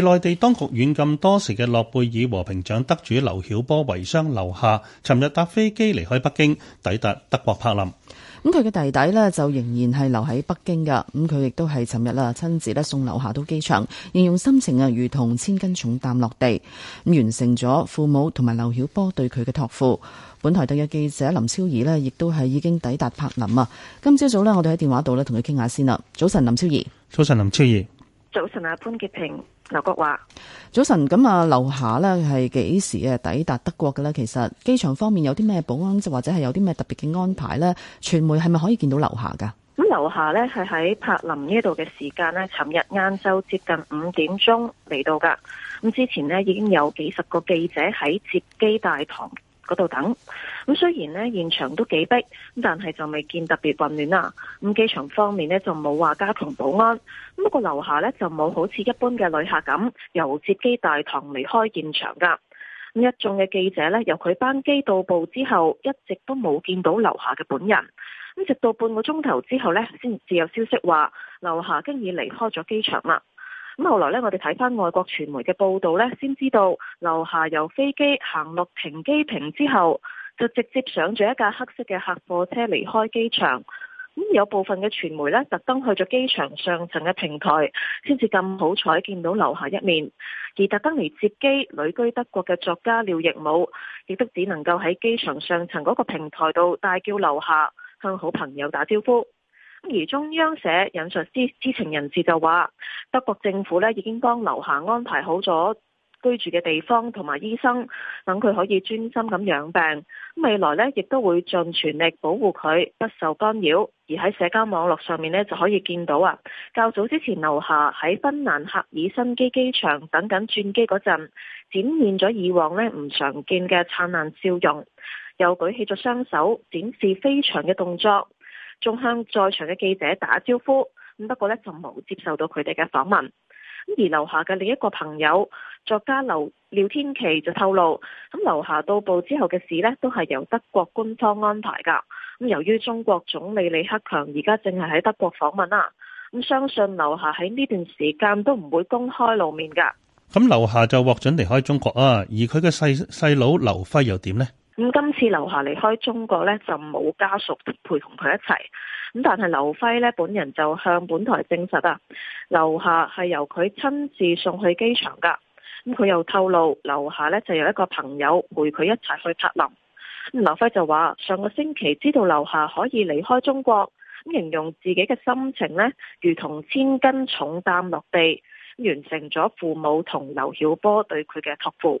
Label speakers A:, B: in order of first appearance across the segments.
A: 內地當局軟禁多時嘅諾貝爾和平獎得主劉曉波遺孀劉霞尋日搭飛機離開北京，抵達德國柏林。咁佢嘅弟弟呢就仍然係留喺北京噶。咁佢亦都係尋日啦，親自咧送劉霞到機場，形容心情啊，如同千斤重擔落地咁，完成咗父母同埋劉曉波對佢嘅託付。本台特約記者林昭儀呢亦都係已經抵達柏林啊。今朝早呢，我哋喺電話度呢同佢傾下先啦。早晨，林昭儀。早晨，林昭儀。
B: 早晨啊，潘潔平。劉國
A: 華，早晨。咁啊，劉霞咧，係幾時啊抵達德國嘅咧？其實機場方面有啲咩保安，或者係有啲咩特別嘅安排咧？傳媒係咪可以見到劉霞噶？
B: 咁劉霞咧，係喺柏林呢度嘅時間咧，尋日晏晝接近五點鐘嚟到噶。咁之前呢，已經有幾十個記者喺接機大堂。嗰度等咁，雖然呢，現場都幾逼，但係就未見特別混亂啦。咁機場方面呢，就冇話加強保安，不過劉霞呢，就冇好似一般嘅旅客咁由接機大堂離開現場噶。咁一眾嘅記者呢，由佢班機到步之後，一直都冇見到劉霞嘅本人，咁直到半個鐘頭之後呢，先至有消息話劉霞經已離開咗機場啦。咁後來呢，我哋睇返外國傳媒嘅報道呢，先知道劉霞由飛機行落停機坪之後，就直接上咗一架黑色嘅客貨車離開機場。咁有部分嘅傳媒呢，特登去咗機場上層嘅平台，先至咁好彩見到劉霞一面。而特登嚟接機旅居德國嘅作家廖亦武，亦都只能夠喺機場上層嗰個平台度大叫劉霞，向好朋友打招呼。而中央社引述知知情人士就話，德國政府呢已經幫劉霞安排好咗居住嘅地方同埋醫生，等佢可以專心咁養病。未來呢亦都會盡全力保護佢不受干擾。而喺社交網絡上面呢就可以見到啊，較早之前劉霞喺芬蘭赫爾辛基機，機場等緊轉機嗰陣，展現咗以往呢唔常見嘅燦爛笑容，又舉起咗雙手展示飛翔嘅動作，仲向在場嘅記者打招呼，咁不過呢就冇接受到佢哋嘅訪問。而劉霞嘅另一個朋友作家劉廖天琪就透露，咁劉霞到步之後嘅事呢都係由德國官方安排㗎。咁由於中國總理李克強而家正係喺德國訪問啦，咁相信劉霞喺呢段時間都唔會公開露面㗎。
A: 咁劉霞就獲准離開中國啊，而佢嘅細細佬劉暉又點呢？
B: 咁今次劉霞離開中國呢，就冇家屬陪同佢一齊。咁但係劉輝呢，本人就向本台證實啊，劉霞係由佢親自送去機場噶。咁佢又透露，劉霞呢就有一個朋友陪佢一齊去柏林。咁劉輝就話，上個星期知道劉霞可以離開中國，咁形容自己嘅心情呢，如同千斤重擔落地，完成咗父母同劉曉波對佢嘅託付。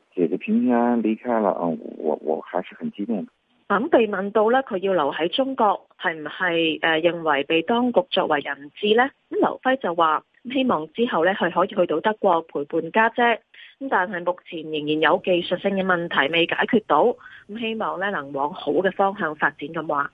B: 姐姐平平安安離開了，我我還是很激動的。咁被問到咧，佢要留喺中國係唔係？誒，認為被當局作為人質呢？咁劉暉就話，希望之後呢，佢可以去到德國陪伴家姐。咁但係目前仍然有技術性嘅問題未解決到，咁希望呢能往好嘅方向發展咁話。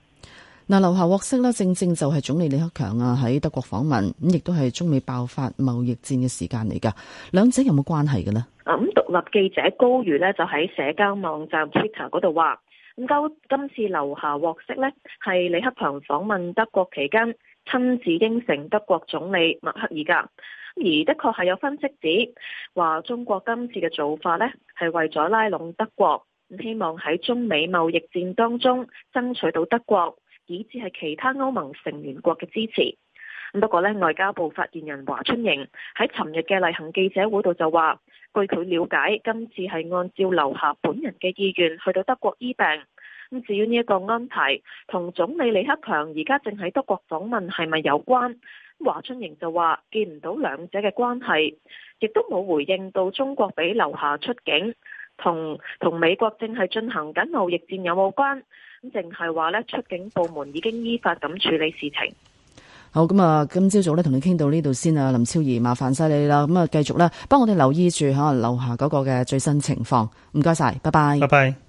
A: 嗱，劉霞獲釋呢正正就係總理李克強啊喺德國訪問，咁亦都係中美爆發貿易戰嘅時間嚟㗎。兩者有冇關係嘅呢？
B: 咁獨立記者高瑜呢，就喺社交網站 Twitter 嗰度話：咁今次劉霞獲釋呢，係李克強訪問德國期間親自應承德國總理默克爾㗎。而的確係有分析指話，中國今次嘅做法呢，係為咗拉攏德國，希望喺中美貿易戰當中爭取到德國。以至係其他歐盟成員國嘅支持。不過呢，外交部發言人華春瑩喺尋日嘅例行記者會度就話，據佢了解，今次係按照劉霞本人嘅意願去到德國醫病。咁至於呢一個安排同總理李克強而家正喺德國訪問係咪有關？華春瑩就話見唔到兩者嘅關係，亦都冇回應到中國俾劉霞出境同同美國正係進行緊貿易戰有冇關。咁淨係話咧，出境部門已經依法咁處理事情。
A: 好咁啊，今朝早咧同你傾到呢度先啊，林昭儀，麻煩晒你啦。咁啊，繼續啦，幫我哋留意住可能樓下嗰個嘅最新情況。唔該晒，拜拜，拜拜。